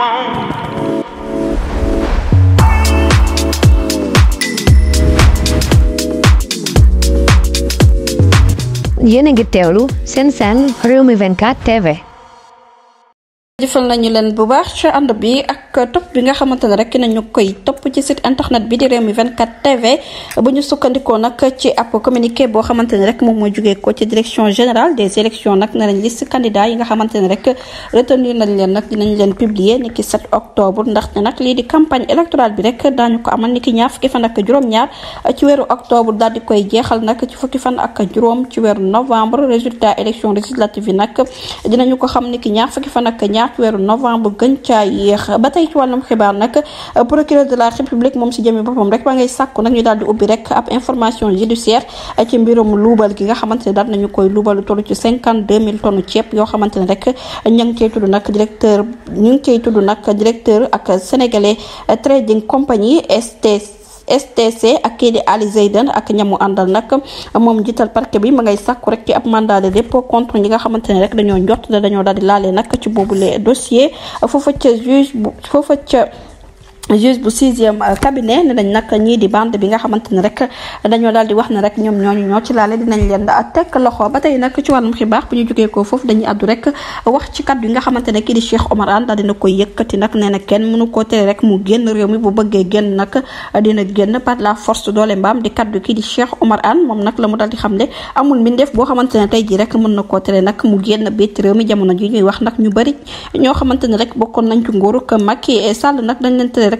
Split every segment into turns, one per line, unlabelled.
want. Yéen a ngi teewlu seen 24 TV. jëfal nañu leen bu baax ci ànd bi ak ak topp bi nga xamante ne rek nañu koy topp ci site internet bi di réew mi 24 TV bu ñu sukkandikoo nag ci ab communiqué boo xamante ne rek moom mooy jugee ko ci direction générale des élections nag ne nañ liste candidat yi nga xamante ne rek retenir nañ leen nag dinañ leen publier ni ki 7 octobre ndax nag lii di campagne électorale bi rek daañu ko amal ni ki ñaar fukki fan ak juróom-ñaar ci weeru octobre daal di koy jeexal nag ci fukki fan ak juróom ci weeru novembre résultat élection législative yi nag dinañu ko xam ni ki ñaar fukki fan ak ñaar weeru novembre gën caa yéex tey ci wàllum xibaar nag euh, procureur de la république moom si jëmee boppam rek ba ngay sàkku nag ñu daal di ubbi rek ab information judiciaire euh, ci mbirum luubal gi nga xamante ne daal nañu koy luubalu toll ci cinquante deux mille tonnes ceeb yoo xamante ne rek euh, ña ngi cey tudd nag directeur ñu ngi cey tudd nag directeur ak sénégalais trading compagnie STC STC ak kii di Ali Zeydan ak ñamu àndal nag moom jiital parquet bi ma ngay sàkku rek ci ab mandat de contre ñi nga xamante ne rek dañoo njort ne dañoo daal di laale nag ci boobule dossier foofa ca juge foofa ca juge bu sixième euh, cabinet ne nañ nag ñii di bande bi nga xamante ni rek dañoo daal di wax na rek ñoom ñooñu ñoo ci laale dinañ leen teg loxo ba tey nag ci wàllum xibaar bu ñu jógee ko foofu dañuy àddu rek wax ci kàddu yi nga xamante ne kii di Cheikh Omar Anne daal dina koy yëkkati nag nee na kenn mënu ko tere rek mu génn réew mi bu bëggee génn nag dina génn par la force doole mbaam di kàddu kii di Cheikh Omar Anne moom nag la mu daal di xam ne amul mbindeef boo xamante ne tey ji rek mën na koo tere nag mu génn bitti réew mi jamono ji ñuy wax nag ñu bëri ñoo xamante ne rek bokkoon nañ ci nguuruk Macky Sall nag dañ leen tere rek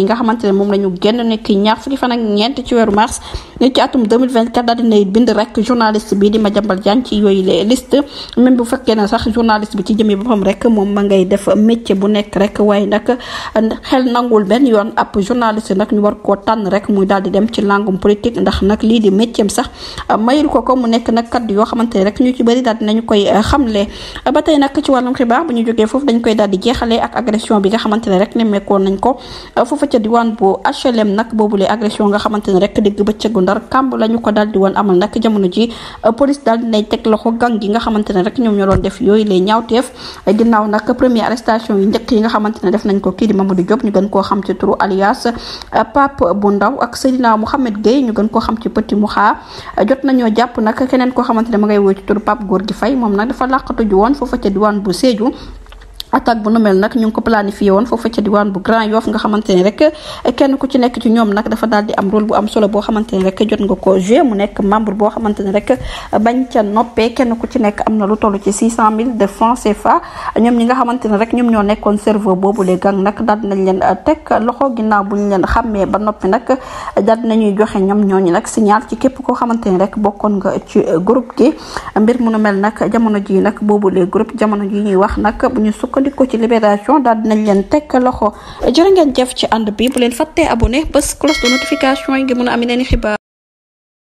yi nga xamante ne moom la ñu génn nekk ñaar fukki fan ak ñeent ci weeru mars ci atum 2024 daal dinay bind rek journaliste bi di Madiambal Diagne ci yooyu les liste même bu fekkee na sax journaliste bi ci jëmee boppam rek moom ma ngay def métier bu nekk rek waaye nag xel nangul benn yoon ab journaliste nag ñu war koo tànn rek muy daal di dem ci langum politique ndax nag lii di métier sax mayul ko ko mu nekk nag kaddu yoo xamante ne rek ñu ci bëri daal dinañu koy eh, xamle ba tey nag ci wàllum xibaar bu ñu jógee foofu dañ koy daal di jeexalee ak agression bi nga xamante ne rek nemmeekoon nañ ko eh, foofa ca diwaan bu HLM nag boobule agression nga xamante ne rek dégg bëccëgu ndar kàmb la ñu ko dal di woon amal nag jamono ji euh, police daal dinay teg loxo gang yi nga xamante ne rek ñoom ñoo doon def yooyu lay ñaawteef ginnaaw nag première arrestation yi njëkk yi nga xamante ne def nañ ko kii di Mamadou Diop ñu gën koo xam ci turu alias euh, Pape bu ndaw ak Seydina Mouhamed Gueye ñu gën koo xam ci Petit Mouha jot nañoo jàpp nak keneen koo xamante ne ma ngay woo ci turu Pape Gorgui Faye moom nag dafa làqatu ju woon foofa ca diwaan bu Sédhiou attaque bu nu mel nag ñu ngi ko planifié woon foofu ca diwaan bu Grand Yoff nga xamante rek kenn ku ci nekk ci ñoom nag dafa daal di am rôle bu am solo boo xamante ne rek jot nga ko nekk membre boo xamante ne rek bañ ca noppee kenn ku ci nekk am na lu toll ci cent mille de francs CFA ñoom ñi nga xamante ne rek ñoom ñoo nekkoon cerveau boobu les gang nag daal dinañ leen teg loxo ginnaaw bu ñu leen xàmmee ba noppi nag daal dinañuy joxe ñoom ñooñu nag signal ci képp koo xamante ne rek bokkoon nga ci groupe gi mbir mu nu mel nag jamono ji nag boobu les groupe jamono ji ñuy wax nag bu sukk sukkandikoo ci libération daal dinañ leen teg loxo jërë ngeen jëf ci ànd bi bu leen fàttee abonné bés cloche de notification yi ngir mën a am yeneen xibaar